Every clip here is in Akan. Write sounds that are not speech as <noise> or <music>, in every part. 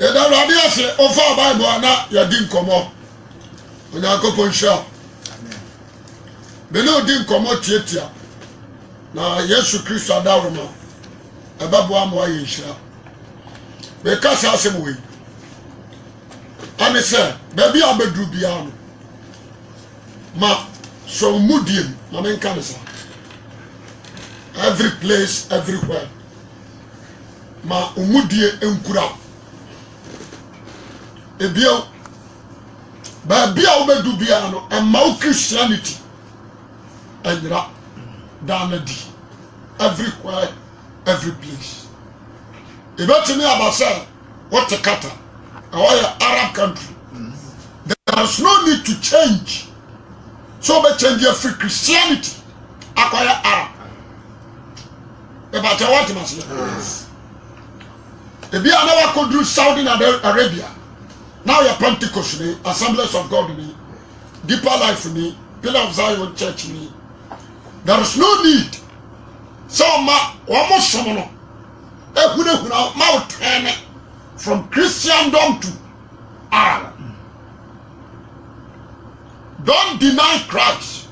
yɛda awurade ase ɔfaa bible a na yɛdi nkɔmmɔ onyankopɔn nhyira mene odi nkɔmmɔ tiatia na yesu kristo adaworoma ɛbɛboa ma wayɛ nhyira meka saa asɛm wei ane sɛ baabi a biara no ma sɔn mu diem ma menka ne saa every place everywhere ma ɔmu die nkura ebio baabi a wobɛdu biara no ɛma wo christianity ɛnyera daana di every where every place ebɛtumi aba sɛ wote kata ɛwɔ yɛ arab country there is no need to change so wobɛkyɛnge afiri christianity akɔyɛ arab ɛbakyɛ woatemaseɛ ebi a na wakɔduru saudi na arabia na yɛ pentecost ni assemblies of god ni deeper life ni pillar of zion church ni there is no need sɛ ɔma wɔn som no ehunahuna ma o tɛn from christendom to arab don't deny christ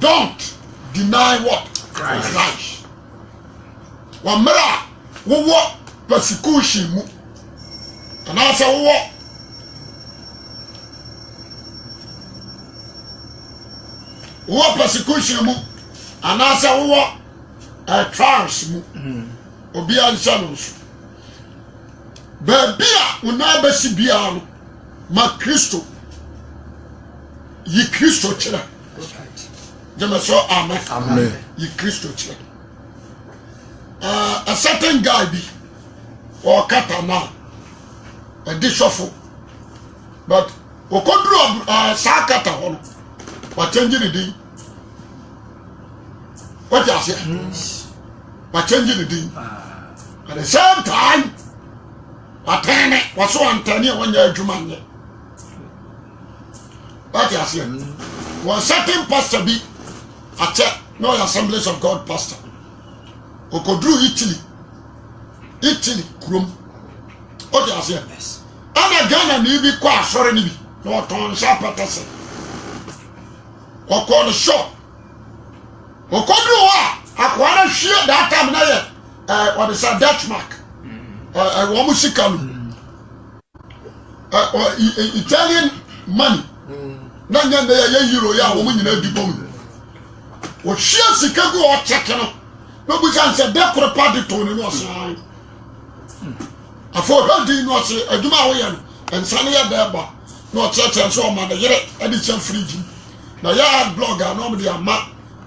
don't deny what christ, christ. wɔ mmerɛ a wɔwɔ persecution mu anaasɛ wowɔ wowɔ persecution mu anaasɛ wowɔ eh, trials mu hmm. obiara nhyɛ no nso baabi a wo bɛsi biara no ma kristo yi kristo kyerɛ gyeme sɛ amen yi kristo kyerɛ eh, a certain guy bi ɔkata naa ɛdi sɔfo but okoduru ɛɛ eh, saa kata hɔ no wakyɛngye ne din wɔte aseɛ wakyɛngye ne din ah. at the same time watɛne wɔso antɛne a wɔnyɛ adwuma nyɛ wɔte aseɛ wɔn mm. certain pastor bi akyɛ na ɔyɛ assemblies of god pastor okoduru italy italy kurom o ti ase ɛna ghana na ibi kɔ asɔre no bi na ɔtɔn nsa apɛtɛ sɛ ɔkɔ no shop eh, ɔkɔ bi wɔ a akɔa no hwie daa tam na yɛ ɛɛ wɔde sɛ dutch mark ɛɛ ɛɛ wɔn sika no ɛɛ ɔ italian money mm-hmm. na nyɛ na yɛ euro yɛ a wɔn nyinaa di bɔn mu ɔhwie sika gu ɔkyɛkɛ no na ɔbusa nsɛ dɛkoro pa de tɔn ne no ɔsan afɔ ɔhwɛ din no ɔsi adwuma a woyɛ no nsane yɛ bɛɛ ba na ɔkyerɛkyerɛ nso ɔma ne yere ɛde kyɛ firiji na yɛ hard blog a na ɔmde ama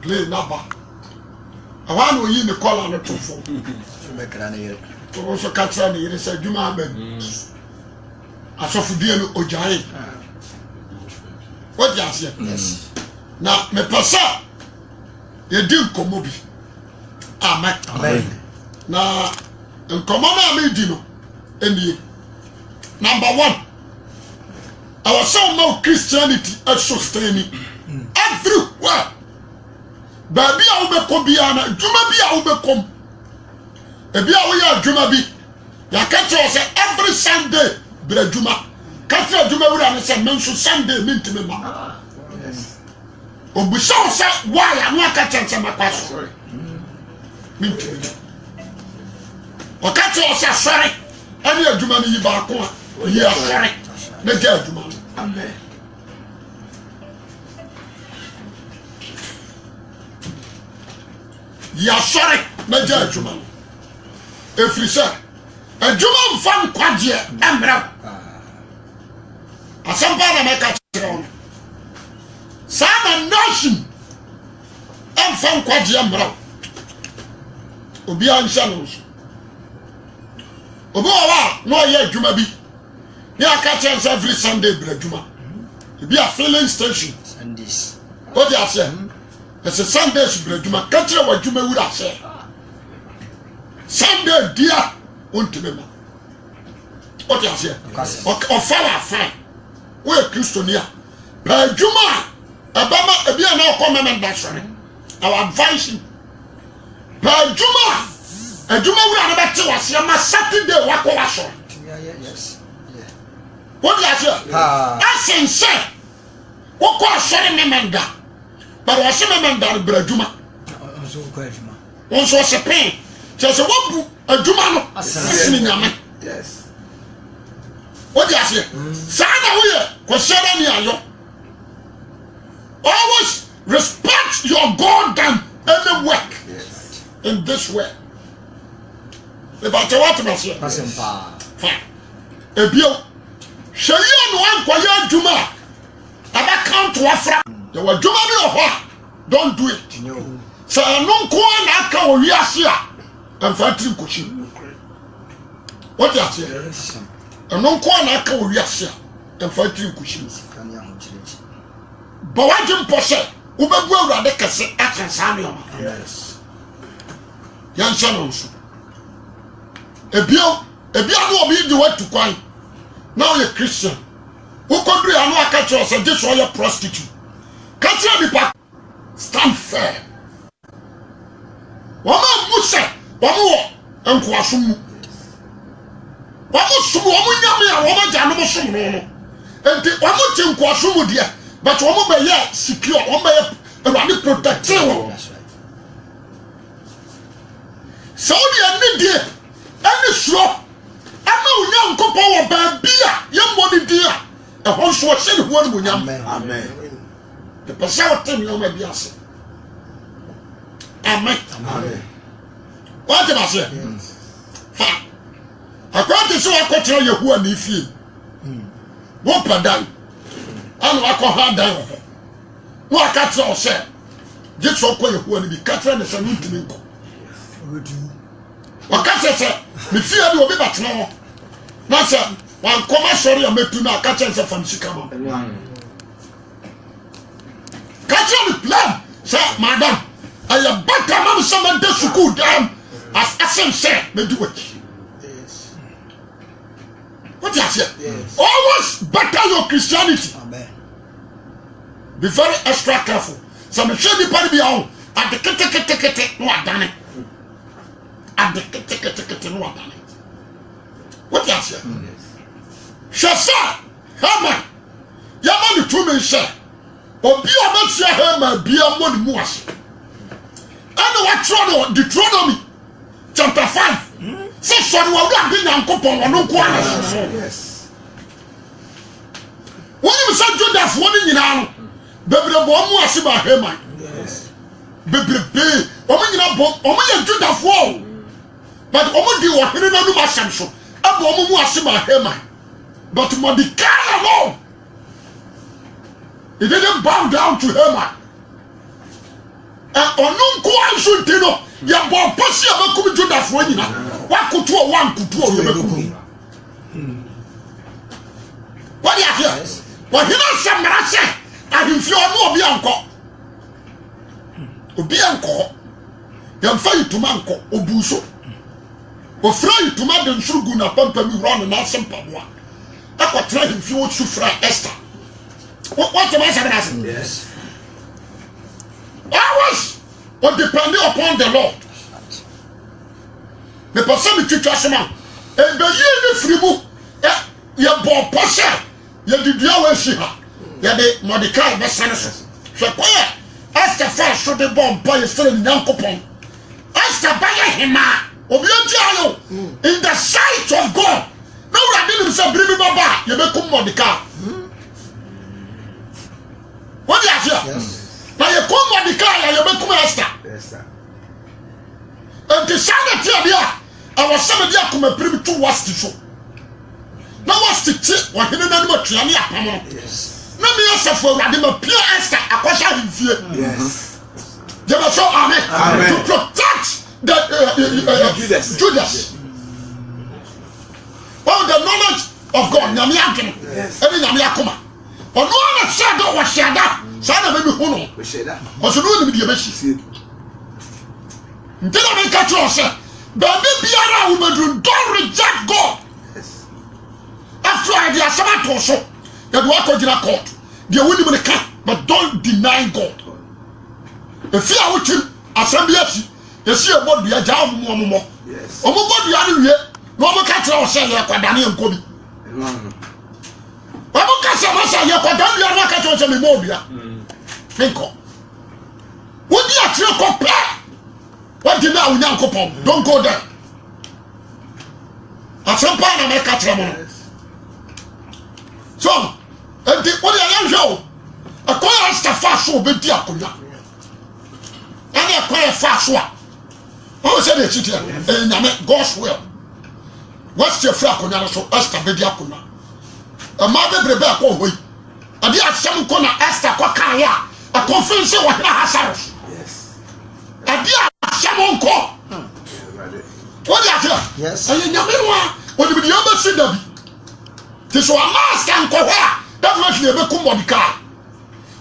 play naba ɛhɔ a na oyi ne kɔla no to fo toro nso ka kyerɛ ne yere sɛ adwuma aba mu asɔfodie no ogyae wodi aseɛ na mepɛ sɛ yɛdi nkɔmmɔ bi amen na nkɔmmɔ no a medi no nie number one Our sɛ now christianity ɛso strani everywhere baabi a wobɛkɔ biara na adwuma bi a wobɛkɔ ebi a woyɛ adwuma bi yɛaka kyerɛ sɛ every sunday berɛ adwuma ka kyerɛ adwuma wura no sɛ me nso sunday mentimi ma obisa wo sɛ wayɛ ano aka kyerɛ sɛ mɛkɔ so mentimi ɔka kyerɛ sɛ sɔre ɛne adwuma no yi baako a ɛyɛ asɔre na gya adwuma no yɛasɔre na gya adwuma no ɛfiri sɛ adwuma mfa nkwagyeɛ mmerɛ wo asɛmpa na mɛka kyerɛ wo no saa na nation ɛmfa nkwagyeɛ mmerɛ wo obiara nhyɛ no nso obi wɔ hɔ a adwuma bi ne aka kyerɛ nsɛ every sunday bere adwuma ebi a filling station o di ase, ɛsɛ sundays bere adwuma kakyire wɔ adwuma wura aseɛ sunday dia o ntumi ma o di aseɛ ɔfa wɔ afa o yɛ kristoni a adwuma e a ɛbɛma ebi a na ɔkɔ mɛmɛ da sɔre our advice bere adwuma adwuma wura ne bɛte waseɛ ma saturday wakɔ wasɔre wodi aseɛ ɛsen sɛ wokɔ asɔre memenda but wɔse memenda no brɛ adwuma wo nso ɔse pee kyerɛ sɛ woabu adwuma no asene nyame wodi aseɛ mm. saa na woyɛ kɔhyɛda ne ayɔ always respect your god and any work in this world mebatɛ woatena seɛ fa ebio hwɛ yie no wankɔyɛ adwuma a abɛkanto afra yɛwɔ adwuma bi wɔ hɔ a don't do it sɛ ɛno nko a na aka wɔ wiase a ɛmfa tiri nkɔhyi wote aseɛ ɛno nko a na aka wɔ wiase a ɛmfa tiri nkɔhyi bɔ wagye mpɔ sɛ wobɛgu awurade kɛse akyɛ saa nneɔma yɛnhyɛ no nso ebio ebia no obi di watu kwan na oyɛ christian wokɔduru ano aka kyerɛ sɛ gye so ɔyɛ prostitute ka kyerɛ nipa stand fair wɔn a mu sɛ wɔn wɔ nkoaso mu wɔn som wɔn nyame a wɔn agya no som no no nti wɔn te nkoaso mu deɛ but wɔn bɛyɛ secure wɔn bɛyɛ awurade protective wɔn sɛ wɔn deɛ ne deɛ ɛne suro ɛma wo nyankopɔn wɔ baabi a yɛmmɔ ne di a ɛhɔ nso ɔhyɛ ne ho animonyam ɛpɛ sɛ wote nneɔma bi ase amen wate baseɛ fa akwante sɛ wakɔkyerɛ yahowa ne fie wopɛ dan ana wakɔha dan wɔ hɔ na waka kyerɛ wo sɛ gye sɛ wokɔ yahowa no bi ka kyerɛ ne sɛ no ntumi nkɔ waka sɛ sɛ ne fie de obi batena hɔ na sɛ wankɔma sɔre a mɛtu no aka kyɛn sɛ fam sika ma ka kyerɛ ne plan sɛ madam ɛyɛ bata ma me sɛ mɛda sukuu dam asɛm sɛ mɛdi w'akyi wote aseɛ always better your christianity be very extra careful sɛ mehwɛ nnipa no bi a wo ade ketekete na wadane ade ketekete no wadane wote aseɛ hwɛ sɛ hama yɛma ne tumi nhyɛ obi a ɔbɛtua hama bia mmɔ ne mu ase ɛne wɔtwerɛ no deuteronomy chapter 5 hmm? sɛ sɔre wɔwurade nyankopɔn ɔno nko ana soso wonim sɛ judafoɔ no nyinaa no bebree bɔ ɔmo ase ba hama bebrebe ɔmo nyina bɔ ɔmo yɛ judafoɔ o but wɔn di ɔhene n'anum asɛm so ɛbɔ wɔn mu ase ma hema but Mordecai alone he didn't bow down to hema ɛ ɔno nko anso nti no yɛbɔ ɔpɔsi a bɛkum judafoɔ nyinaa wakoto a wankoto a wɔbɛkum wɔde aheɛ wɔhene nsɛm mmara sɛ ahemfie ɔno obi ankɔ obi ankɔ yɛmfa yitoma nkɔ obu so ofura ntoma de nsoro gu n'apampam wura ne n'ase mpaboa akɔtena ahemfie wotu fura esther wɔte ma asɛm n'ase always o depend upon the lord mepɛ sɛ metwitwa so ma ɛbɛyie ne firi mu yɛbɔ ɔpɔ sɛ yɛde dua wɔ asi ha yɛde mɔdekae bɛsane so hwɛ kwan a esther fa so de bɔ mpa yɛ sɛ ne nyankopɔn esther bɛyɛ hima obi eti ano in the sight of God na awurade nim sɛ biribi bɛba a yɛbɛkum mɔdeka wode aseɛ na yɛkum mɔdeka a yɛbɛkum ɛsta nti saa na teadeɛ a ɛwɔ sɛ mede akomapirim to waste so na waste te ɔhene no anim atua ne apam no na meyɛ sɛfo awurade mapia ɛsta akɔhyɛ ahemfie yɛbɛsɛ ame to protect that uh, uh, uh, uh, Judas. Judas. Well, the knowledge of God, nyame adwene ɛne nyame akoma ɔno ara hyɛ da wɔ hyɛ da saa na bɛbi hu no ɔso ne wonim deɛ bɛhyi nti na meka kyerɛ sɛ baabi biara a wobɛduru don reject god after a yɛde asɛm ato so yɛde woakɔgyina court deɛ wonim ne ka but don't deny god If you are watching Assembly. akyi yɛsi ɛbɔ dua gya ahomu ɔmo mɔ bɔ dua no wie na ɔmo ka kyerɛ yɛ kwadane nkobi ɔmo ka sɛ ɔmo yɛ kwadane dua no aka kyerɛ ɔsɛ mi dua nkɔ wodi akyerɛ kɔ pɛ wɔdi na awunya nkopɔn don go there asɛm paa na mɛka kyerɛ mo no so nti wodi ɛyɛ nhwɛ o ɛkɔ yɛ asitafa so o bɛ di akonya ɛna ɛkɔ fa so a wọn sẹ de esi tiẹ ee nyame God's will wọn si efiri akonnwa no so Esther bɛ di akonnwa mmaa bebree bɛɛ kɔ hɔ yi ɛde asɛm kɔ na Esther kɔ kaayɛ a ɛkɔfin sɛ wɔhena Ahasweros ɛde asɛm nkɔ wɔn di aseɛ ɛyɛ nyame wa onimidi yɛn bɛ si dabi te so ama Esther nkɔ hɔ a definitely ebi kum bɔdi kaa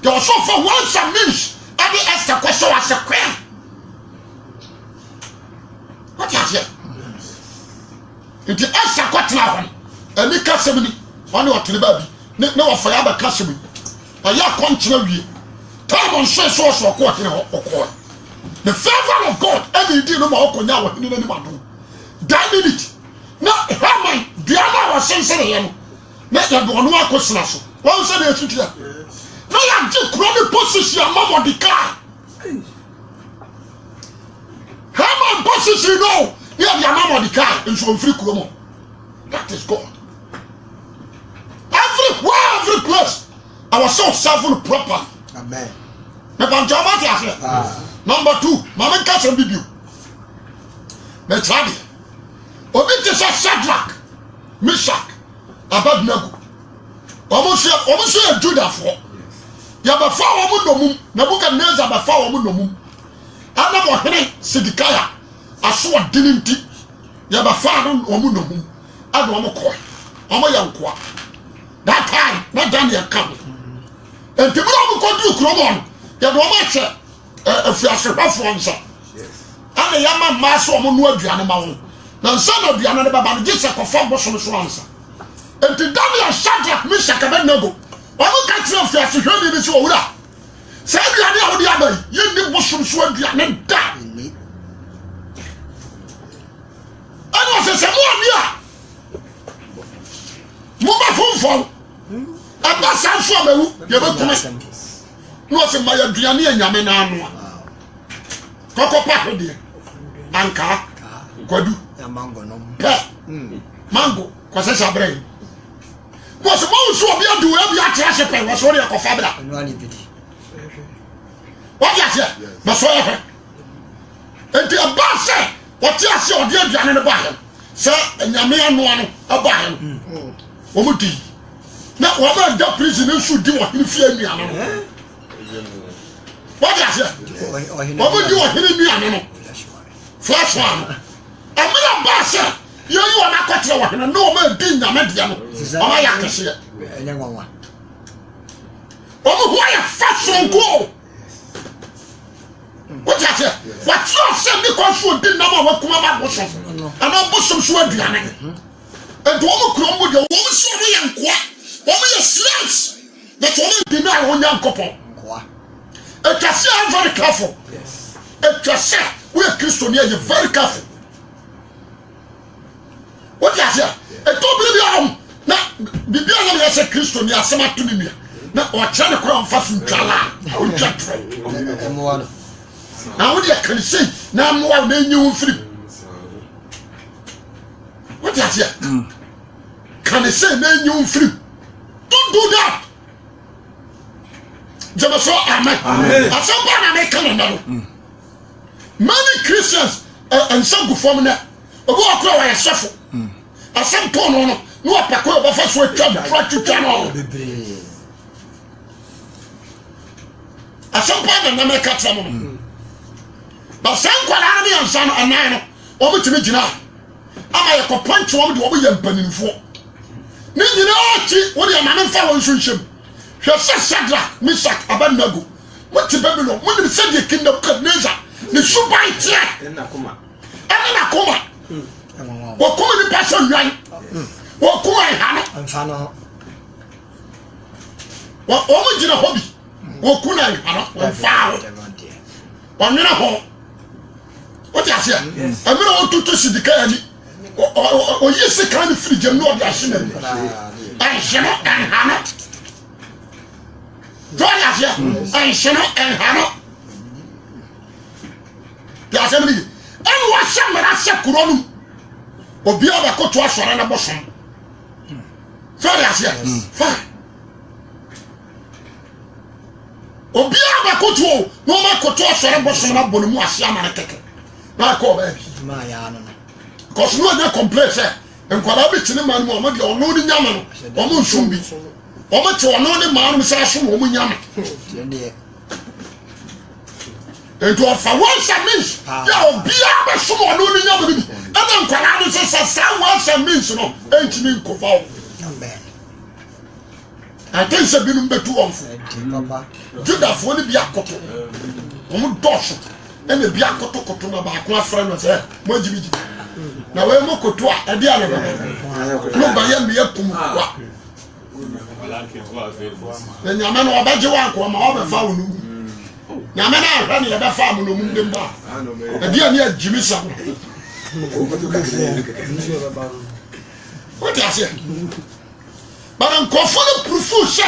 deɛ ɔsɔ fɔ one some means ɛde Esther kɔ so asɛ kwan wate aseɛ nti ɛsa kɔtena hɔ no ani kasɛm ni ɔne ɔtene baabi ne ne wɔfa yɛ abɛka sɛm yi ɛyɛ akɔnkyerɛ wie taabɔ nsoe so ɔso ɔkɔ ɔhene hɔ ɔkɔɔ the favour of god ɛne edi no ma ɔkɔnya wɔ hene n'anim adom dan ne nit na haman dua no a wɔsensene yɛ no na yɛde ɔno akɔsena so wɔn sɛ deɛ ɛtutua na yɛagye kuro ne posisi ama mɔdekae Haman bɔ sisi no yɛ de ama Mordecai nso nfiri kurom that is God Every where, every place our soul serve proper amen mepantɛ ɔma ti aseɛ number two maame nkasa bi bio mɛtira deɛ obi te sadrak, Shadrach Meshach Abednego wɔn nso yɛ wɔn nso yɛ Judafoɔ yɛbɛfa wɔn nomum Nebukadnezar bɛfa wɔn nomum ana ɔhene sidikaya aso ɔdini nti yɛbɛfaa no wɔn na hum ɛna wɔn kɔ wɔn yɛ nkoa that time na daniel ka no nti mu na wɔn kɔ duu kurom hɔ no yɛde wɔn ahyɛ ɛɛ efiasehwɛfoɔ nsa ɛna yɛma mmaa so wɔn nua aduane ma wɔn na nsa na aduane no bɛba no gye sɛ kɔfa bosom so ansa nti daniel shadrach meshach abednego wɔn ka kyerɛ efiasehwɛni bi sɛ owura sɛ aduane a wode aba yi yɛnni bosom so aduane da ɛne ɔsɛ sɛ moɔbi a moba fomfɔm ɛba saa nso a mawu yɛbɛkome na ɔsɛ ma yɛaduane a nyame no anoa kɔkɔ pa ho deɛ ankaa kwadu pɛ mango kɔsɛ sɛ aberɛ yi bɔsɛ mawo so ɔbi ade wɔ abi akyerɛ hye pɛ wɔ sɛ wode wɔte aseɛ bɛsɔ yɛ hwɛ nti ɛba sɛ wɔte aseɛ ɔde aduane no baayɛ sɛ nyame anoa no ɛbaayɛ no wɔn di na wɔn a da prison no nso di wɔn fie nnuane no wɔte aseɛ wɔn di wɔn nnuane no flash one ɛmira ba sɛ yɛyi wɔn akɔkyerɛ wɔn hene na wɔn a di nyame deɛ no wɔn ayɛ akɛseɛ ɔmo ho ayɛ fa sonko wote aseɛ wɔte ɔsɛ bi kɔ so odi nam a wakuma ba bosom anaa bosom so aduane nti wɔn mu kurom mu deɛ wɔn si wɔn yɛ nkoa wɔn yɛ slaves but wɔn di na wɔn nyɛ nkɔpɔ atwa sɛ I'm very careful atwa sɛ woyɛ kristo ni ɛyɛ very careful wote aseɛ ɛtɔ bi bi ahom na bibi ahom yɛ sɛ kristo ni asɛm ato ne nua na ɔkyerɛ ne kora mfa so ntwala a wontwa na wode ɛkane sei na mmoa wo na wo mfiri wote aseɛ mm. kane sei na ɛnyi wo mfiri don't do that amɛ asɛmpa na meka no nɛ mm. many christians ɛnsa eh, eh, gu fam nɛ obi wakora wɔyɛ sɛfo mm. asɛm no no na wɔpɛ kora wɔbɛfa so atwa mfra twitwa no asɛmpa na nam ɛka kyerɛ mo no ba saa nkwadaa no ne yɛnsa no anan no wɔbɛtumi gyina ama yɛkɔpɔnkye wɔm de wɔbɛyɛ mpanimfoɔ ne nyinaa akyi wode ɛma ne mfa wɔn nso nhyɛm hwɛ sɛ sadra misak abanago mote babylon monim sɛdeɛ king nebukadnezar ne suban teɛ ɛne nakoma wɔkoma hmm. nnipa sɛ nnwan hmm. wɔkoma ɛha no wɔmo gyina hɔ bi wɔkuna nhara wɔmfaa o wɔnwena ho wote aseɛ ɛmmerɛ wɔtoto sidika o ɔyi sika no firi gyam ne ɔde ahye no ɛnhye no ɛnha no tɔde aseɛ ɛnhye no ɛnha no de asɛm no yi ɛne wɔhyɛ mmara hyɛ korɔ no obiaa bɛkoto asɔre no bɔsom tɔde aseɛ fine wotu o na ɔma akoto asɔre bosom na bɔ ne mu ase ama ne kɛkɛ na akɔ baabi kɔso no anya complain sɛ nkwadaa bi kyene maa no mu ɔmo deɛ ɔno ne nyama no ɔmo nsom bi ɔmo te ɔno ne maa no mu sɛ asom ɔmo nyama nti ɔfa wɔnsa means yɛ obiara bɛsom ɔno ne nyama no bi ɛna nkwadaa no sɛ sɛ saa wɔnsa means no ɛntumi nkɔfa o ɛte sɛ binom bɛtu wɔn fo judafoɔ no bi akoto wɔn dɔɔso ɛna bi akotokoto na baako afra no sɛ mo agyimigyimi na wɔn mo koto a ɛde ano no no ba yɛ mmea kum kwa na nyame no ɔbɛgye wɔn akɔ ma ɔbɛfa wɔn mu nyame no ahwɛ ne yɛbɛfa mo na ɔmo ndem ba ɛde ani agyimi sa no wote aseɛ but nkurɔfoɔ no purufu sɛ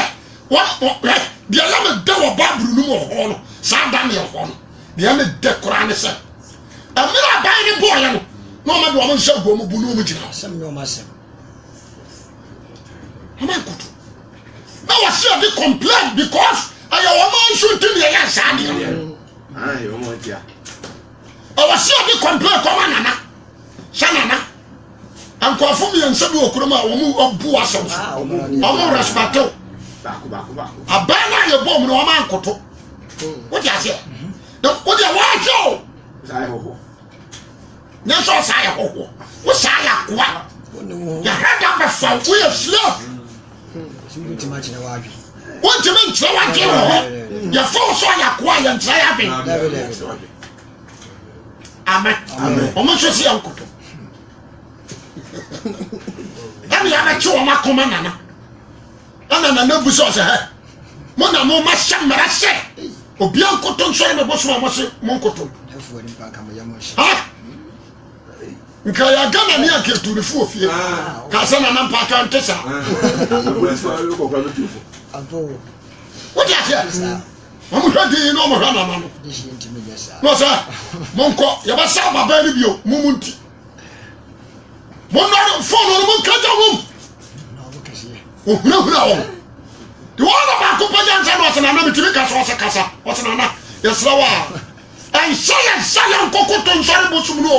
wɔn ɛ deɛ yɛ me dɛ wɔ baabulu no mu wɔ hɔ no saa da ne yɛ hɔ no deɛ me dɛ koraa ne sɛ ɛmira aban ne bɔɔyɛ no na wɔn de wɔn nsa gu wɔn bu ne wɔn gyina hɔ. sɛm ni wɔn asɛm. wɔn akutu na wɔsi ɛdi complain because ɛyɛ wɔn nso ti ne yɛ saa deɛ. ɛwɔ si ɛdi complain kɔma nana sɛ nana nkurɔfo mmiɛnsa bi wɔ kurom a wɔn ɔbu asɛm so wɔn respectew abɛn no a yɛbɔ wɔn no wɔn ankoto hmm. wote aseɛ mhm. na wote wɔahyɛ o nyɛ sɛ ɔsaa yɛ hɔhoɔ wosaa yɛ akoa yɛhɛ da O bɛfa woyɛ slave hmm. wontumi nkyerɛ wagye wɔ hɔ yɛfa wo sɛ ɔyɛ akoa yɛnkyerɛ yɛ aben ame ɔmo nso si yɛ nkoto ɛne yɛbɛkye wɔn akoma nana ɛna nana bu sɛ ɔsɛ hɛ mo na mo ma hyɛ mmara hyɛ obia nkoto nsɔre mɛbɔ so a mo se mo nkoto nka yɛ ghana ne aketu ne foo fie ka sɛ nana mpaka nte saa wode aseɛ ɔmohwɛ dii na ɔmohwɛ nana no na ɔsɛ monkɔ yɛbɛsa babaa no bio mo mu nti mɔnɔri fɔɔnɔ ni mun kɛjɛ wum o hunahuna wɔn de wɔn na baako pɛjɛ nsa na ɔsɛ nana mi tìmi kasa ɔsɛ kasa ɔsɛ nana yɛsrɛ wa ɛnhyɛ yɛnsa yɛn koko to nsɔre bo sum no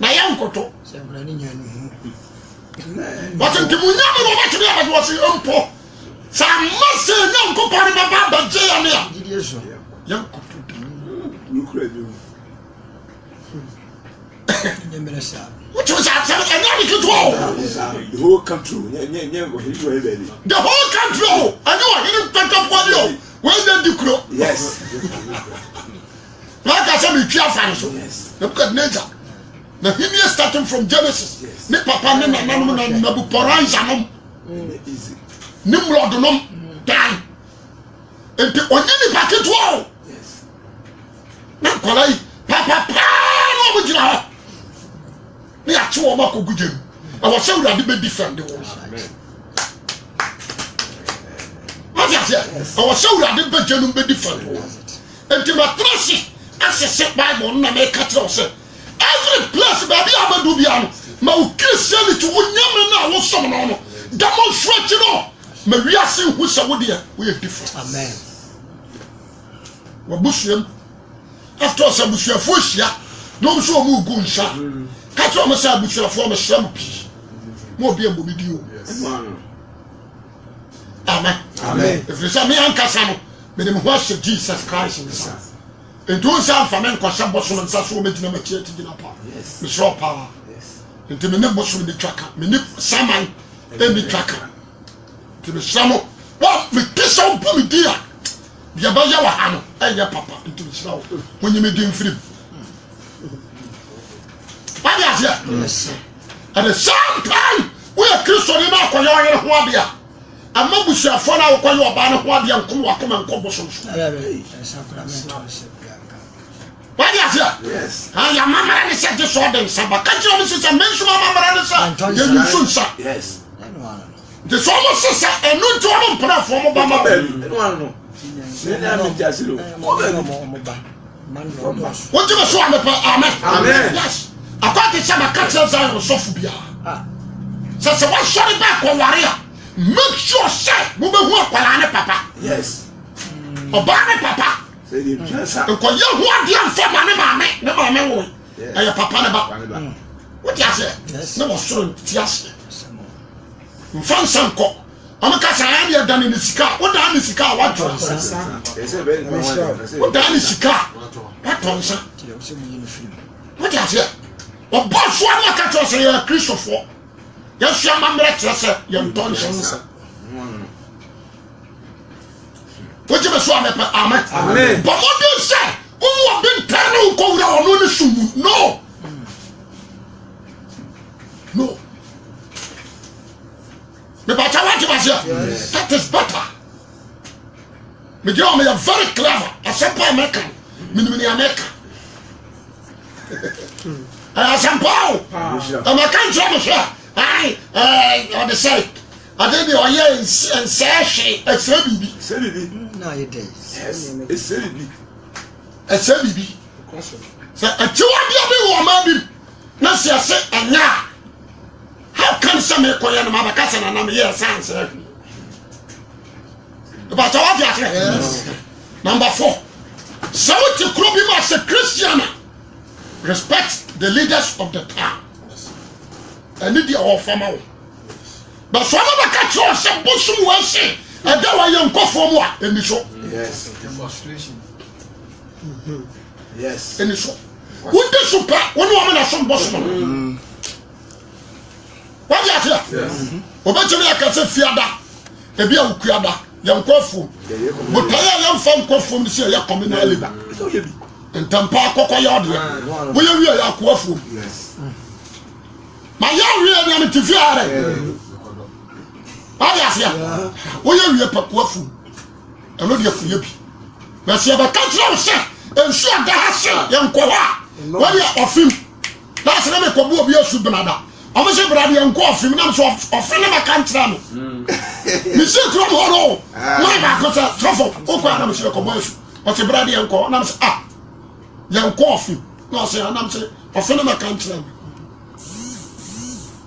na yɛn koto wɔsɛ nti mu nyɛ mi na ɔbɛ tìmi yɛ wɔsɛ mpɔ sɛ ama sɛ nyɛ nko pɔ ne bɛ ba abɛgye yɛ ne yɛ yɛn koto da ɛnyɛ ne ketewa o. the whole country nye nye nye ɔhene wɔ ɛbɛ ni. the whole country o ɛne ɔhene pɛtɛpɔ ni o wɔn nyɛ di kuro. yes. n'aka sɛ mi twi afa ne so nebukadneza na himiye starting from genesis ne papa ne nananom oh. na nabupɔransanom ne mmurɔdonom dan nti ɔnye nipa ketewa o na nkɔla yi papa paa na ɔmo gyina oh ne yàtwe wɔn akɔgu gye mu ɛwɔ sɛ wulade bɛ difɛnde wɔn wati aseɛ ɛwɔ sɛ wulade bɛ gye mu bɛ difɛnde wɔn ntoma tẹnase asese baibu nna mɛ kakyira ɔsɛ every place baabi a bɛ du bi ano ma o christianity wo nyame na awo sɔm na ɔno demonstrate no ma wiase hu sɛ wo deɛ wo yɛ different wɔ busua mu after ɔsɛ busuafoɔ hyia na wɔn nso wɔn mu gu nsa. Mm kakyɛ ɔmo sɛ abusuafoɔ ɔmo hyɛ mo pii mo obi ɛmbo mi di o amen efiri sɛ mi ankasa no mede mi ho ahyɛ jesus christ nsa nti o nsa nfa mi nkɔhyɛ bɔsɔn nsa so wɔn gyina mɛ kyerɛ ti gyina paa mesrɛ paa nti mi ne bɔsɔn mi twa ka mi ne saman ɛmi e twa ka nti mesrɛ mo wa mi ti sɛ o mi di a deɛ bɛyɛ wɔ ha no ɛyɛ e papa nti mesrɛ o wɔn nyɛ mi di nfiri mu wadi aseɛ at the same time woyɛ kristoni na akɔyɛ ɔyere ho adeɛ ama busuafoɔ no a wokɔyɛ ɔbaa no ho adeɛ nkom wakoma nkɔ bosom so wadi aseɛ yɛmamara ne sɛ gye so ɔde nsa ba ka kyerɛ mo sesɛ mensom amamara ne sɛ yɛnwuso nsa nti sɛ ɔmo sesɛ ɛno nti ɔmo mpenafoɔ mo ba ma wogyeme so amepɛ amen yes akɔte sɛ maka kyerɛ zion sɔfo bia sɛ sɛ woasɔre bɛ akɔware a make sure sɛ mobɛhu akwaraa ne papa ɔbaa ne papa nkɔyɛ ho adeɛ mfa ma ne maame ne maame woe ɛyɛ papa ne ba hmm. wote aseɛ ne wɔsoro nti aseɛ mfa nsa nkɔ ɔmo kasa ayɛ deɛ da ne ne sika wodaa ne sika a woatɔ nsa wodaa ne sika a woatɔ nsa wote aseɛ ɔbɔ soa no aka kyerɛ sɛ yɛyɛ kristofoɔ yɛsoa ma mmerɛ kyerɛ sɛ yɛntɔ nhyɛ nsa wogye me so a mɛpɛ amɛ bɔ mmɔden sɛ wowɔ bi ntaa ne wokɔwura ɔno ne so mu no no mepɛkyɛ woate maseɛ that is better megyina wɔ meyɛ very clever asɛmpa a mɛka menim nea mɛka asampaw ɔmɛka nkyerɛ me hwɛ ae ɔde sɛ ade bi ɔyɛ nsɛɛ hwe ɛsɛ biribi ɛsɛ biribi sɛ akyiwadeɛ bi wɔ ɔma bi na siɛse ɛnyɛ a how kan sɛ mekɔyɛ no mabɛka sɛ nanam yɛ ɛsɛ ansɛɛ hwe bata wade akyerɛ number four sɛ wote kuro bi ma sɛ christiana respect the leaders of the town ɛne deɛ ɔfama wo bɛsɔ ma bɛka kyerɛ ɔsɛ bosom wɔ se ɛda wa yɛ nkɔfoɔ mu a ɛni so ɛni so wode so pa wone wɔme nasom bosom no wode aseɛ ɔbɛkyɛme yɛka sɛ fiada ebi a wokuada yɛnkɔfoɔ botaeɛ a yɛmfa nkɔfoɔ m no sɛ yɛ communal labor ntɛmpa akɔkɔ yɛ adeɛ ah, woyɛ wie yɛ akoa fuom ma yɛ wie nea mete fie are wade aseɛ woyɛ wie pakoa fuom ɛno deɛ fuyɛ bi bɛsɛ yɛbɛka kyerɛ wo sɛ nsu ada ha se yɛnkɔ hɔ a wadeɛ ɔfem laase ne mekɔbu obi asu benada ɔmo sɛ brade yɛnkɔ ɔfem nam sɛ ɔfe ne mɛka nkyerɛ no mm. mesɛ kuro mɔhɔ no wo ah. mɔe baako sɛ trɔfo wokɔ a na mehyɛ yɛkɔbɔ asu ɔte brade yɛnkɔ nam sɛ ah yɛn kɔ ɔfin na ɔsɛ anam sɛ ɔfin na ka nkyerɛ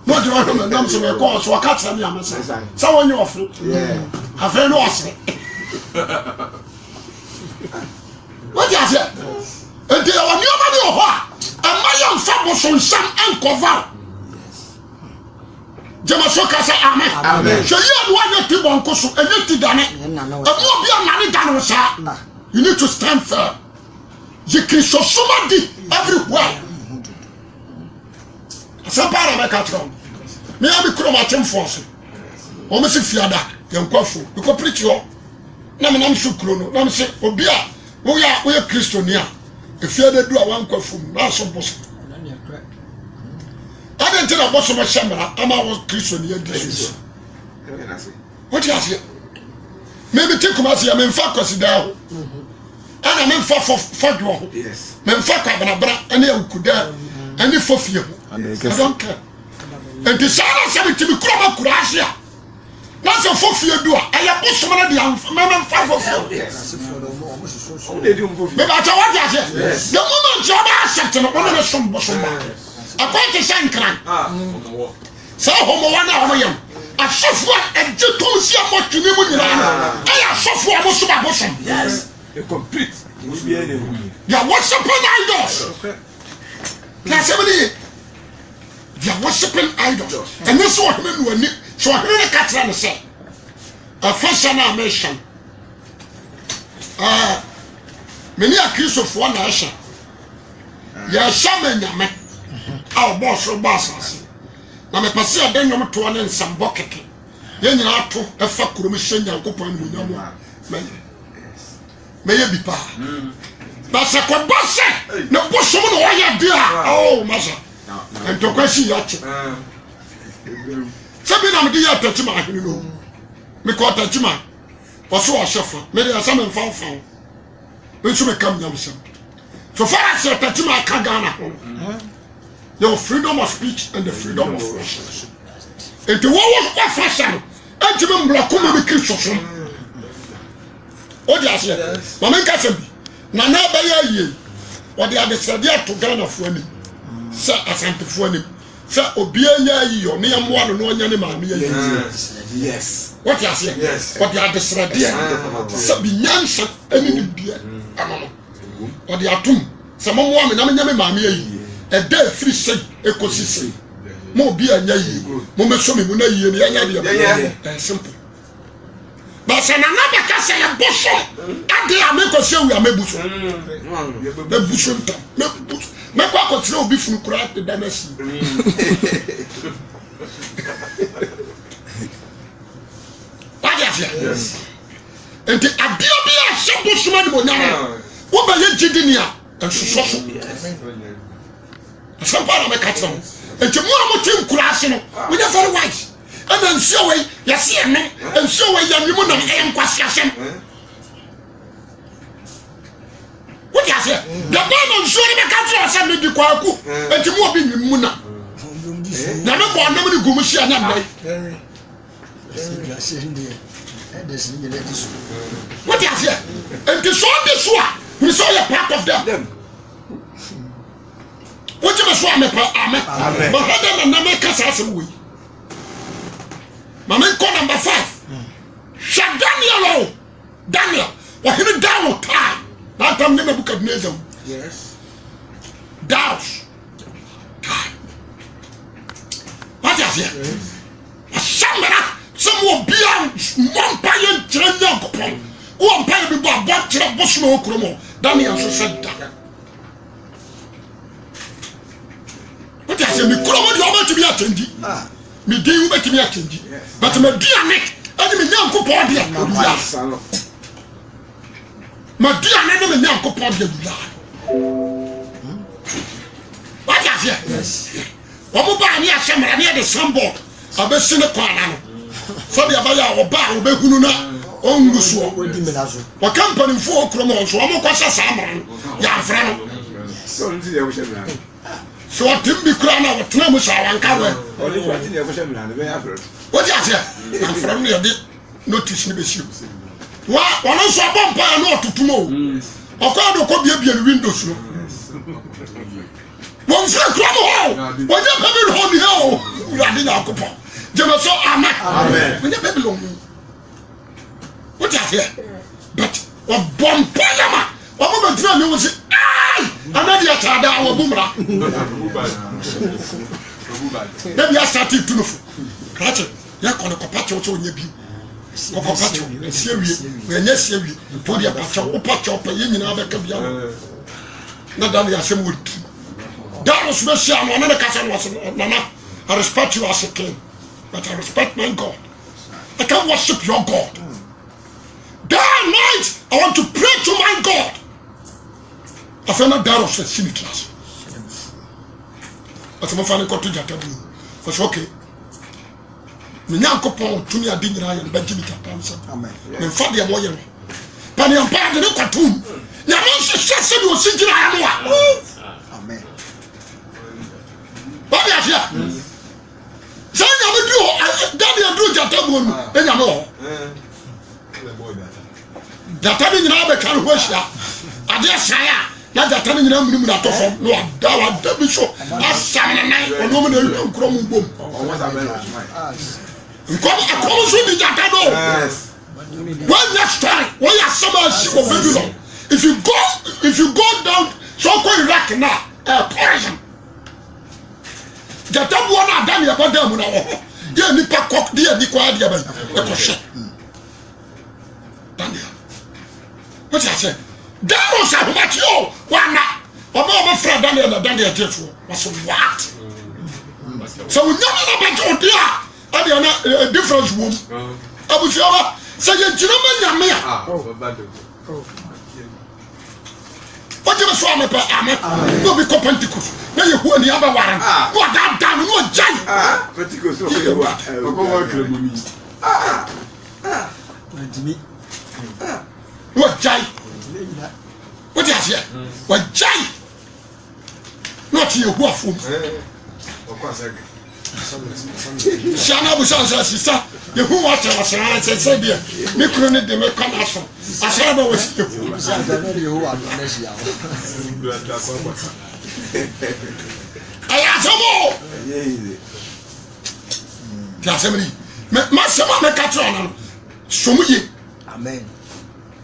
mi n'o di ɔhwɛ mi nam sɛ mɛ kɔ ɔsɛ ɔka kyerɛ mi ama sɛ sɛ wɔnyɛ ɔfin afɛn na ɔsɛ wọ́n ti àṣẹ ètò ìyàwó ní ọba ní ọ̀họ́ a ẹ̀ma yẹn nfa bọ̀sọ̀nsán ẹ̀ nkọ̀fà jẹmọ̀sọ kasa amẹ́ sẹ́yìn àdúrà yẹn ti bọ̀ nkóso ẹ̀yẹ ti dání ẹ̀mú obi ànání dání wọ́n sá you need to stand firm yìkì sọsọmọ di everywhere asẹpá ara bẹka kyerɛ mi yà mi kúrò mu àtẹnfọ so wọn mi si fiada yẹn nkọ fo nkọ pirikyi hɔ nam nam so kuro no nam sɛ obi a woyɛ a woyɛ e kristoni a efiade du a wankɔ fo mu n'aso bɔsɔ adi nti na bɔsɔ bɛ hyɛ mìíràn ama wɔ kristoni yɛ di so wọ́n ti aseɛ mẹ́bi tí kùmà sí yà mí nfa kọ̀sí dáhùn ɛna memfa fɔdwoɔ ho memfa kwabenabra ne awukudaa ne fɔfie ho adɔnka enti saa na sɛ metimi kuroma kuraase a na sɛ fɔfie du a ɛyɛ bosom no deɛ mememfa fɔfie mebakyɛ wode aseɛ the moment sɛ wobɛasɛte no wone ne som bosom ba ɛkɔnte sɛ nkran saa ah, hɔmɔwa ne a wɔyɛ no asɔfoɔ a ɛgye tom si a mɔtwene mu nyinaa no ah. ɛyɛ asɔfoɔ a mosom abosom they are worshiping idols na asɛm ne ye are worshiping idols ɛne sɛ ɔhene no ani sɛ ɔhene no ka kyerɛ no sɛ ɛfa hyɛ no a mehyɛ no mene akristofoɔ na ɛhyɛ uh, yɛhyɛ ma nyame a ɔbɔ ɔsoro bɔ asase na mepɛ sɛ yɛde nnwom toɔ ne nsɛmbɔ keke yɛn nyinaa ato ɛfa kurom hyɛ nyankopɔn animonyam a mɛyɛ mɛyɛ bi paa na sɛ kɔba sɛ ne bosom na wɔyɛ de a ao oh, masa ntɔkwa si yɛakye sɛ bi na mede yɛ atakyima ahene no mekɔ atakyima ɔso ɔhyɛ fa mede ɛsɛ memfa mfa wo nso meka mnyamsɛm so far as atakyima aka ghana ho mm-hmm. yɛwɔ freedom of speech and the freedom of worship nti wɔwɔ wɔfa hyɛ no ɛntimi mmerɛko ma bi kristo so no o di aseɛ maame nkasa bi nana abɛyɛ ayie wɔde adesrɛdeɛ ato ghanafoɔ anim sɛ asampefoɔ anim sɛ obiara yɛ ayi yɔ ne yɛ mmoa no na ɔnya ne maame yɛ yɛ wɔte aseɛ wɔde adesrɛdeɛ sɛ bi nyansa ɛne ne deɛ ama no wɔde atom sɛ mo mmoa me na menya me maame yɛ yie ɛda efiri sɛn ekosi sɛn mo obi a nya yie mo mɛsɔ mi mu na yie no yɛnya deɛ mo ɛɛ simple bẹsẹ nana bẹ kẹsẹ yẹ bọ adi a mi kò se wuya mi bu so mi bu so nta mi bu so mi kọ akọsílẹ obi funu kura ti dẹ mẹ si. wáyé afiya nti adi obi a se bo suma ni mo nyama wo bẹ yẹ jidi ni a nsoso so asọpọ ara mi ka kyerɛ mo nti mu a mo ti nkura ase no mo nyɛ very wise ɛna nsuo wei yɛsi ɛne nsuo wei yɛ wimu nam ɛyɛ nkwasi asɛm wote aseɛ yɛbɛn na nsuo no bɛka kyerɛ ɔsɛ ne di kwaku eti mu obi nim mu nam na ne bɔ ɔnam ne gum hyia ne mmerɛ wote aseɛ nti sɛ ɔde so a hunu sɛ ɔyɛ part of them wogyeme so amepɛ amɛ mahadɛ na nam ɛka saa asɛm wei maame nkɔ namba five hwɛ daniel o daniel ɔhene dawo kaa n'atam ne nebukadnezar daos kaa wate aseɛ wahyɛ mmara sɛ mo wɔ bia mmɔ mpayɛ nkyerɛ nyankopɔn wowɔ mpayɛ bi bɔ abɔ kyerɛ bosoma wɔ kurom hɔ daniel nso sɛ da wote aseɛ mekurom deɛ ɔmatumi akyɛndi mi din wo bɛtumi akyɛngyi but ma duane ɛne me nyankopɔn deɛ owura ma duane ne me nyankopɔn deɛ wura wagye aseɛ ɔmo baa ne ahyɛ mmara ne yɛde sambɔd abɛsi ne kɔ ana no sɛde abɛyɛ a wɔbaa wɔbɛhunu na ɔngu soɔ wɔka mpanimfoɔ kurom hɔ so ɔmo kɔhyɛ saa mmara no yɛamfra no sɛ ɔtem bi kura na ɔtena mu sɛ awanka wɛ wogye aseɛ amfrɛ no yɛde notice no bɛsi mu ɔno nso abɔ mpa ɛ ne ɔtotom o ɔkɔa de ɔkɔbiabia no windows no wɔmfrɛ kura mo hɔ wɔnyɛ babylon hɔ o wurade nyankopɔn gyeme so ama wɔnyɛ babylon wote aseɛ but ɔbɔ mpa yama wɔn mo bɛ gyina mi wɔ si ayi anadi akyada wɔ bu mura ne bi asa ti tu no fo krakye yɛ kɔ ne kɔpa kyɛw sɛ onyɛ bi kɔpa kyɛw sie wie wɔnyɛ sie wie to deɛ pa kyɛw wopa kyɛw pɛ yɛn nyinaa bɛka bia no na da ne yɛ asɛm wɔdi daaro so bɛsi ano ɔne ne kasa no wɔsɛ nana I respect you as a king but I respect my God I can worship your God that night I want to pray to my God afei na daaro sɛ si ne tena ase ɔsɛ mofa ne kɔto gyata bi ɔsɛ ok me nyankopɔn tumi ade nyinaa yɛ no bɛgye me gyata nsɛm memfa deɛ wɔyɛ no paneampaa de ne kwatom nyame nhyehyɛ sɛdeɛ ɔsi gyina ayɛ no a bade ase a sɛ nyame du hɔ daniel duru gyata buo no ɛnyame wɔ hɔ bi nyinaa bɛtwa ne ho ahyia adeɛ sae a na gyata no nyina mmiri mu natɔ fam na wada wada bi so asam ne nan ɔno mu na ɛwia nkura mu bom nkɔm akɔm nso ni gyata no wɔnyɛ story wɔyɛ asɛm a asi wɔ babylon if you go if you go down so kɔ iraq na ɛ poison gyata boɔ no ada ne yɛbɔ dan mu na wɔ hɔ deɛ nipa kɔ deɛ nipa adeɛ bɛyi ɛkɔhyɛ daniel wɔte asɛ daniel sɛ ahomakye o wana eh, eh, mm. ọba ah, ọba fira daniel na daniel di efu wọsọ what sọ wọn nyɛ nana bàtà òdi a ɛdi ɛna ɛ difference wɔm abusuaba sɛ yɛ gyina mɛ nyame a wọ́n jẹ́ sọ àmì pẹ̀ àmì ní omi kọ́ pentikos ní yẹ hu ẹni abẹ́ wàrà ní ọ̀dà dànù ní ọjà yìí. Ah, pentikos ọ̀hún yẹ wa ọkọ wọn kiri mu mi. wọ́n ah, jẹ́ yìí wọ́n ti àṣeyà wọ́n jáì náà ti yẹ hu àfọ mu siana busa nsa sisa yehu wa sɛ wa sɛn ara sɛsɛ bia ne kuro ne dɛmɛ kɔ na so asɔrɔ bɛ wɔsi yehu. ɛyɛ asɛm o ti asɛm ni mɛ ma sɛm a mɛ ka tɛ ɔna no sɔmu ye. amen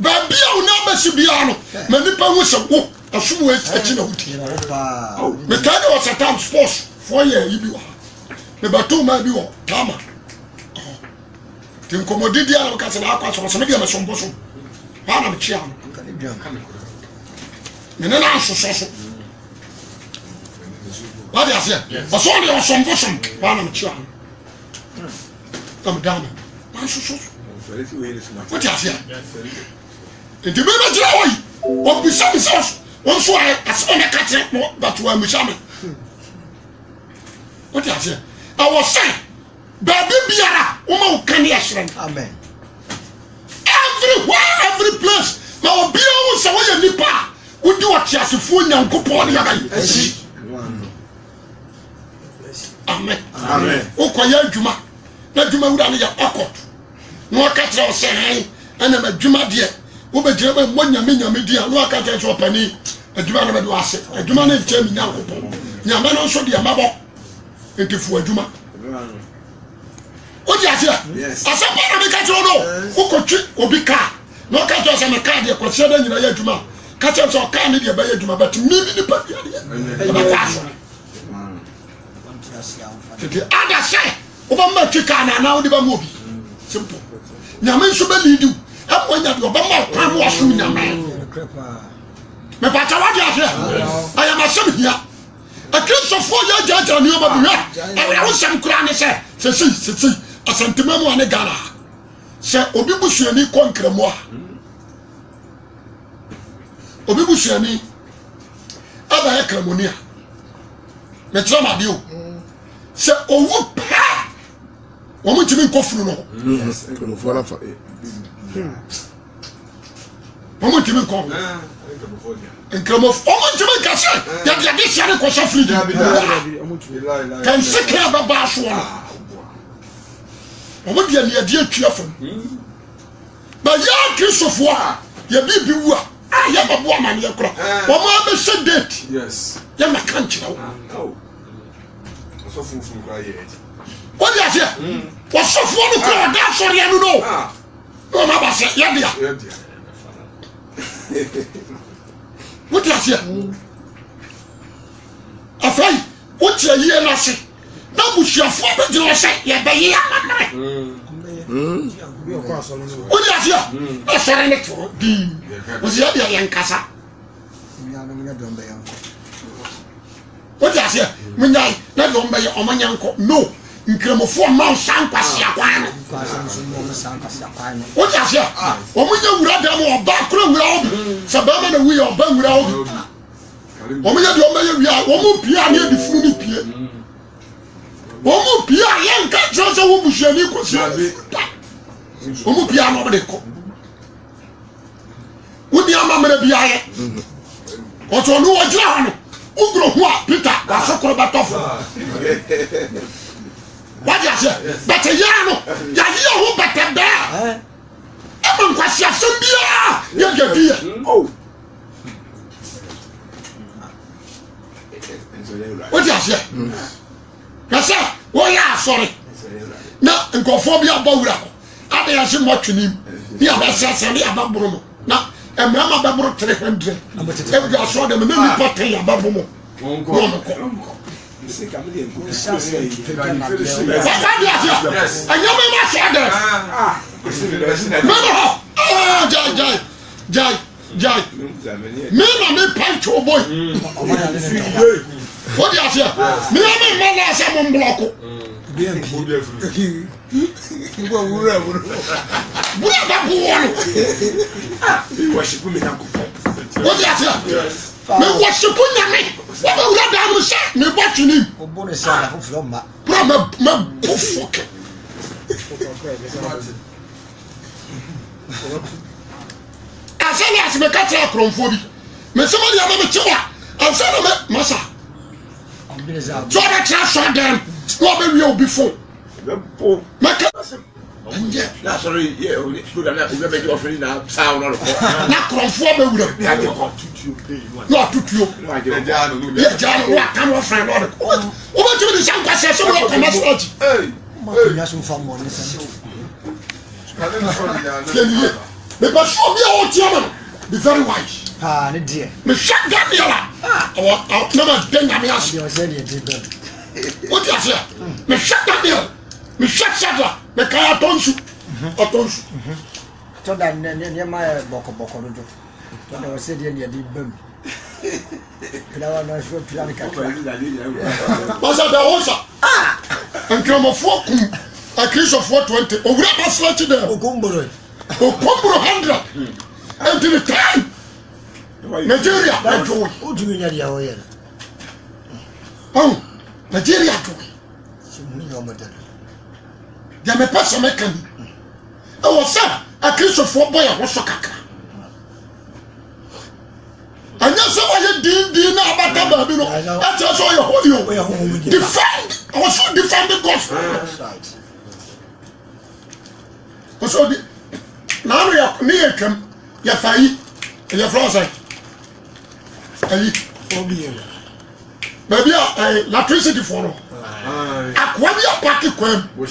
baabi a wọn abɛsi biara no eh. ma nipa ho sɛ wo asom eh, wɔ akyi na wodi metaa ne wɔsɛ tam sports foɔ yɛ yi bi wɔ mebato maa bi wɔ tama nti nkɔmmɔdidi a wɔka sɛ na akɔ asɔrɔ sɛ ne deɛ mɛsɔmbɔ so hɔ ana mekyea no mene no asosɔ so wade aseɛ ɔsɔ deɛ ɔsɔmbɔ som hɔ ana mekyea no hmm. na medama nansoso so wote aseɛ nti mi bɛ gyina hɔ yi ɔbisabisa wɔn nso ayɛ asoma na kakyɛ na batu amusa mi wɔte aseɛ ɛwɔ sɛ baabi biara wɔma wò kan yɛ serɛ amen everywhere every place na obiara wò sɛ wɔyɛ nipa a wodi wɔte asefoɔ nyankopɔn ne yaba yi akyi amen amen adwuma na adwuma wura no yɛ ɔkɔ na wɔka kyerɛ wo sɛ hann adwuma deɛ wobɛgyina bɛ mmɔ nyame nyame di a na waka kyɛ sɛ ɔpani adwuma no mɛde wase adwuma no nkyɛ mi nyankopɔn nyame no nso deɛ mabɔ nti fo adwuma wodi aseɛ asɛmpa na meka kyerɛ no wokɔtwe obi kaa na ɔka kyerɛ sɛ mekaa deɛ kɔseɛ da nyina yɛ adwuma ka kyerɛ sɛ ɔkaa ne deɛ bɛyɛ adwuma but mimi nipa biadeɛ ɛbɛkɔ aso tete ada sɛ wobɛma na anaa wode bɛma simple nyame nso bɛlidiw akɔnya bi ɔbɛma ɔkwan mu ɔsom nyame mepatɛ wade aseɛ ɛyɛ masɛm hia akristofoɔ yɛ gyagya nneɔma bi hwɛ ɛwerɛ wo nsɛm koraa ne sɛ sesei sesei asantema mu a ne ghana sɛ obi busuani kɔ nkramu a obi busuani abɛyɛ kramoni a mekyerɛ m adeɛ o sɛ owu paa wɔn ntumi nkɔ funu no. Hmm. ọmọ ntumi nkọ ah, nkramofo ọmọ ntumi nkasẹ yàtí yàtí sẹ ah, ẹni kọsẹ firiji kẹnsi kẹyà bẹ bá aṣọ ọ ọmọ diẹ ni ẹdí ẹtúyẹ fún bẹ yà kìrìsòfò a yẹ bí bi wù a ah. yẹ bẹ bu àmà nìyẹ kura eh. ọmọ abẹ sẹ déètì yẹ mẹ ká nkyerẹ o. wọ́n di àṣẹ hmm. wọ́n sọ̀fọ̀ ọ́nù kúrò ọ̀dá sọ̀rọ̀ yẹn nínú o wọn aba sẹ yẹ dia wọ́n ti aseɛ afei wọ́n ti ayie n'ase na musuafo bi gyina ɔsɛ yɛ bɛ yie anamere wọ́n ti aseɛ ɛsɛre ne toro dii wọ́n ti yɛ deɛ yɛn kasa wọ́n ti aseɛ mo nya yi na deɛ ɔmo bɛ yɛ ɔmo nya nkɔ no nkramofoɔ ma wo saa nkwasea kwan no wode aseɛ ɔmo nyɛ wura da mu ɔba koro nwura wo sɛ bɛrima na wuyɛ ɔba nwura wo ɔmo yɛ deɛ ɔmɛyɛ wie a ɔmo pie a ne yɛde funu no pie ɔmo pie a yɛnka kyerɛ sɛ wo busuani kɔsia ɔmo pie a na ɔmde kɔ wo nneɛma mmerɛ bi ayɛ ɔsɛ ɔno wɔgyina hɔ no wogoro ho a peter wasokoro bɛtɔ fo <laughs> wadi aseɛ bɛtɛ yaa no yayi ɛho bɛtɛ bɛɛ ɛma eh? nkwasi asɛm biara yɛ yɛ bi yɛ. Hmm? Oh. wadi aseɛ kasa hmm. wɔyɛ asɔre na nkɔfoɔ bi abɔ wura hɔ ada yɛ se mɔ twene mu ne yaba sɛsɛ ne yaba boro no na mmarima bɛboro three hundred ebi asɔre dɛm ne nipa ten yaba bɔ mu na ɔmo kɔ you say chameleon go shout say you take am like that. wọ́n sá di àfẹ́ ẹ̀yọ́ mi máa ṣe àdẹ̀. mẹ́rin hàn ẹ̀ jai jai jai jai mi na mi pa ìtú ọbọ yìí wọ́n di àfẹ́ mi yà mi mọ́ náà sẹ́ mo ń búlọ́kù. Nkwa wura wura. Wura bá bu wọ́n. Wọ́n ṣe fún mi náà kò pọ̀. Wọ́n di àfẹ́ na wɔsepo nyame wama wura daa no sɛ mebɔ twenem na mabo fo ke asɛne ase meka kyerɛ akorɔmfoɔ bi mesɛma deɛma mekyew a ansa na masa sɛ ɔbɛkyerɛ sɔ dan na ɔbɛwie obi fo mɛka njɛ n'a sɔrɔ yɛ o de kulo dami o bɛ bɛ jɔ fini na saa wɔn de kɔ. na kɔrɔfɔ bɛ wuli. ne y'a kɛ kɔ tutu yo. n'o tutu yo. yɛ jaa ninnu bɛ. yɛ jaa ninnu a kan bɔ fɛn dɔ de kɔ. o bɛ cogo di sisan ka sɛ sɔgɔ kɛmɛ sɔrɔ ji. fiyɛli ye mɛ bɛ sɔ bi y'o tiɲɛ ma be very wise. aa ne diɛ. mɛ sɛ gami yɛrɛ awɔ awɔ ne ma den gami yɛrɛ. o ti a fiyɛ mɛ sɛ gami yɛrɛ mɛ sɛ sɛ fila mekaya tɔ nsu ɔtɔ nsu. tɔ da nɛ nɛ ma yɛ bɔkɔbɔkɔ dodo tɔ da ɔsɛ deɛ deɛ de ba mu pilawa na so pila ne kakra. pasa bɛ wo sa nkramofoɔ kum akirisofoɔ twenty owura pasilakyi dɛ. okomboro okomboro hundred ɛnti hmm. ni tan nigeria ɛdwo. o tun bɛ ɲɛdiya o yɛrɛ. ɔn nigeria dwo. sumuni ɲɔgɔn ma dɛrɛ deɛ mepɛ sɛ meka ni e ɛwɔ sɛ akristofoɔ bɔ yɛ ho so kakra ɛnyɛ sɛ wɔyɛ dindin na abata mm. baabi no ɛkyerɛ sɛ ɔyɛ holy o defend ɔso defend the gospel ɔso mm. di naanu yɛ ne yɛ twɛm yɛfa yi yɛ fura ɔsɛ ayi baabi a ɛɛ latricity fɔ no akoa bi apaki kwan mu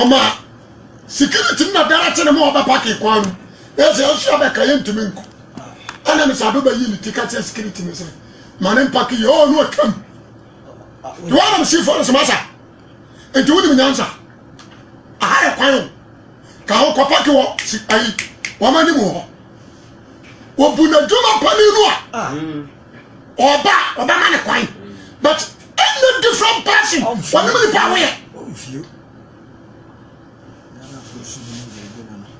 ɔmo a security na direct ne mu ɔbɛ paki kwan mu ɛsɛ ɛsɛ abɛka yɛ ntumi nko ɛna misa abe bɛyi ne ti kakyɛ security ne sɛ ma ne mpaki yɛ ɔno atwam deɛ wɔn nam si fɔlɔ soma sa nti wɔn nim nyansa aha yɛ kwan o ka wɔn kɔ paki wɔ si ayi wɔn anim wɔ hɔ wɔbu na dwuma panin no a ɔba ɔbɛma ne kwan but any different person wọn ni nipa awo yɛ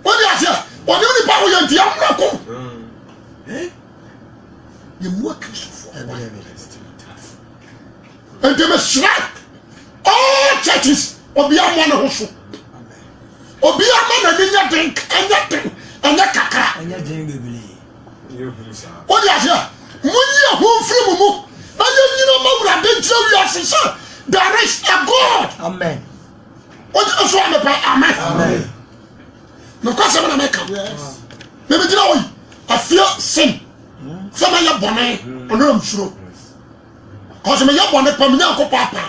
wọn di ase wọn ni nipa awo yɛ nti amuna ko yɛ mu akirisofo ɛwa nti mi sira all churches obi ama ne ho so obi ama n'ani nya den ɛnya den ɛnya kakra wọn di ase mu yi ɛho nfiri mu na yɛn nyinaa ma awurade nkyerɛ wiase sɛ there is a god amen wogyina so amepa amen nokwasɛm na meka memegyina hɔ yi afie sen sɛ mɛyɛ bɔne ɔno na msuro kɔsɛ meyɛ bɔne pa menyankopɔ apa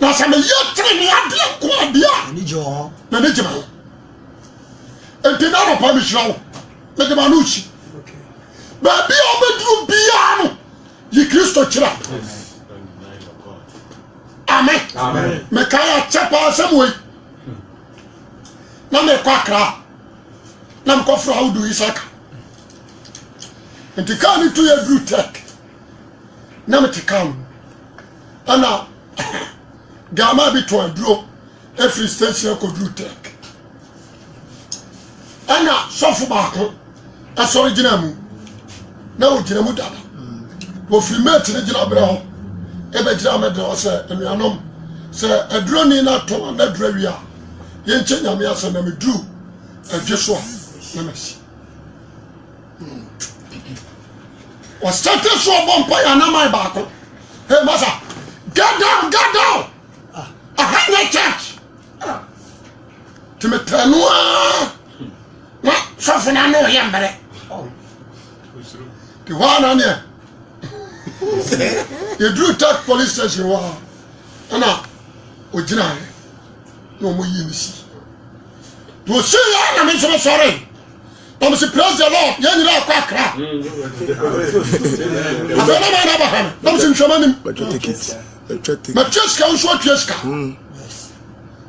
na sɛ meyɛ tere ne adeɛ nko adeɛ a na ne gyina hɔ enti na anɔpa mehyira wo megyema no wokyi baabi a wobɛduru biaa no yi kristo kyerɛ ame meka yɛ akyɛ paa asɛm wei na mekɔ akra na mekɔfrɛ awodo isaka nti kaa ne to yɛ duru tek na mete kaa no ɛna gama <coughs> bi to aduro ɛfiri station akɔduru tek ɛna sɔfo baako ɛsɔre gyina mu na wɔgyina mu dada wɔfiri mate ne gyina berɛ ho ɛbɛgyina mɛdrɛ hɔ sɛ anuanom sɛ aduroni no atɔ a na adura wie a yɛnkyɛ nyame asɛ na meduru adwe so a na masi hmm. ɔsɛte so ɔbɔ mpa yɛ anaman baako hey masa get down get down ahanyɛ church tìmìtẹ̀nuwa na sọ́fúnà ní òye mbẹ̀rẹ̀ tìwọ́ ànánìyẹ. Eh? yɛduru tak police station wɔ ha ɛna ɔgyinaɛ na ɔmo yie ne si na ɔsi yɛ na me nso mesɔre na mesi praise the lord yɛn nyinaa akɔ akra mm. afei na maa na aba ha mm. no na mesi nhwɛma nim matwa sika nso atua sika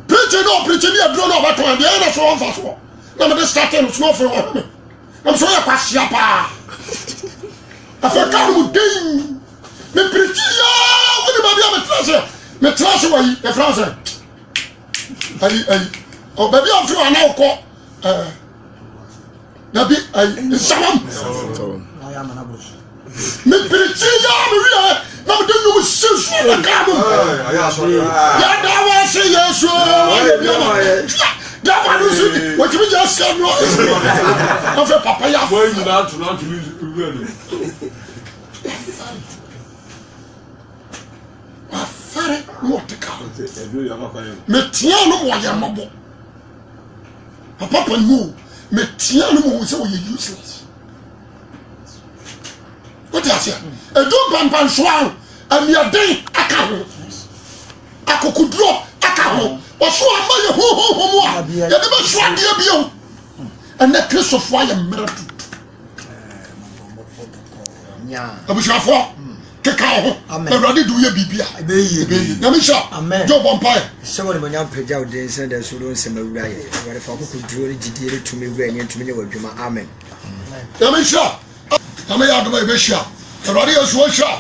preacher na ɔpreacher ne aduro na ɔbɛtɔn deɛ ɛyɛ na so ɔmfa soɔ na mede starte no soma ɔfiri ɔhome na mesɛ ɔyɛ kwahyia paa <laughs> afei ka no mu den mepirikyi yaa wuli baabi a metena se metena se wɔ yi efra se ayi ayi ɔ oh, baabi a fi ɔna ɔkɔ ɛɛ eh. dabi ayi nsabam mepirikyi yaa mi wiyɛ na mo de nyom si nsuo na kaa mu yada wa se yɛ nsuo wa yɛ bi ama tia dama no nsuo di wɔtumi yɛ sika nua ɔfɛ papa yɛ afɔ. wɔn nyinaa tunu atunu wura ni. fɛrɛ ne ɔte ka metia no ma ɔyɛ mɔbɔ papa panimu metia no ma ɔhu sɛ ɔyɛ useless wote aseɛ ɛdu mpampansoa amiaden aka ho akokoduro aka ho ɔso ama yɛ hohohom a yɛde bɛso adeɛ bio ɛnɛ kristofoɔ ayɛ mmerɛ tutu abusuafoɔ keka wo ho awurade de woyɛ biribia nyamehyɛ gye wobɔ mpae sɛ wɔne mɔnya mpagya wo den sɛ da so wode nsɛm awura yɛ awurade fa wokɔ duro ne gyidie ne tumi wura nyɛ ntumi ne wadwuma amen nyamehyɛ nyameyɛ adoma yɛbɛhyia awurade yɛ so wɔhyira